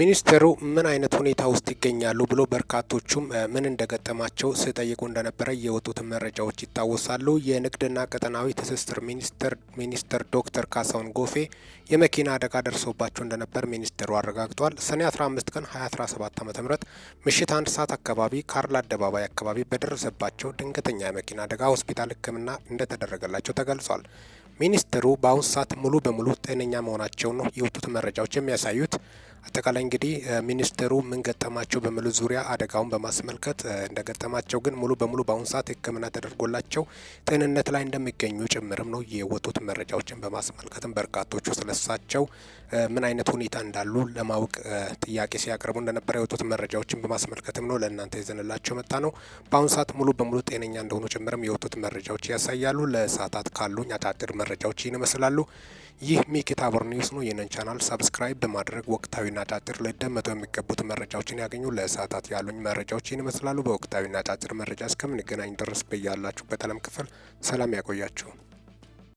ሚኒስትሩ ምን አይነት ሁኔታ ውስጥ ይገኛሉ ብሎ በርካቶቹም ምን እንደገጠማቸው ሲጠይቁ እንደነበረ የወጡት መረጃዎች ይታወሳሉ። የንግድና ቀጠናዊ ትስስር ሚኒስትር ሚኒስትር ዶክተር ካሳሁን ጎፌ የመኪና አደጋ ደርሶባቸው እንደነበር ሚኒስትሩ አረጋግጧል። ሰኔ 15 ቀን 2017 ዓ ም ምሽት አንድ ሰዓት አካባቢ ካርል አደባባይ አካባቢ በደረሰባቸው ድንገተኛ የመኪና አደጋ ሆስፒታል ሕክምና እንደተደረገላቸው ተገልጿል። ሚኒስትሩ በአሁኑ ሰዓት ሙሉ በሙሉ ጤነኛ መሆናቸው ነው የወጡት መረጃዎች የሚያሳዩት። አጠቃላይ እንግዲህ ሚኒስትሩ ምን ገጠማቸው በሚሉ ዙሪያ አደጋውን በማስመልከት እንደገጠማቸው ግን ሙሉ በሙሉ በአሁኑ ሰዓት ሕክምና ተደርጎላቸው ጤንነት ላይ እንደሚገኙ ጭምርም ነው የወጡት መረጃዎችን በማስመልከትም በርካቶቹ ስለሳቸው ምን አይነት ሁኔታ እንዳሉ ለማወቅ ጥያቄ ሲያቀርቡ እንደነበረ የወጡት መረጃዎችን በማስመልከትም ነው ለእናንተ ይዘንላቸው መጣ ነው። በአሁኑ ሰዓት ሙሉ በሙሉ ጤነኛ እንደሆኑ ጭምርም የወጡት መረጃዎች ያሳያሉ። ለሰዓታት ካሉኝ አጫጭር መረጃዎች ይመስላሉ። ይህ ሚኪ ታቦር ኒውስ ነው። ይህንን ቻናል ሰብስክራይብ በማድረግ ወቅታዊና አጫጭር ሊደመጡ የሚገቡት መረጃዎችን ያገኙ። ለእሳታት ያሉኝ መረጃዎችን ይመስላሉ። በወቅታዊና አጫጭር መረጃ እስከምንገናኝ ድረስ በያላችሁበት ዓለም ክፍል ሰላም ያቆያችሁ።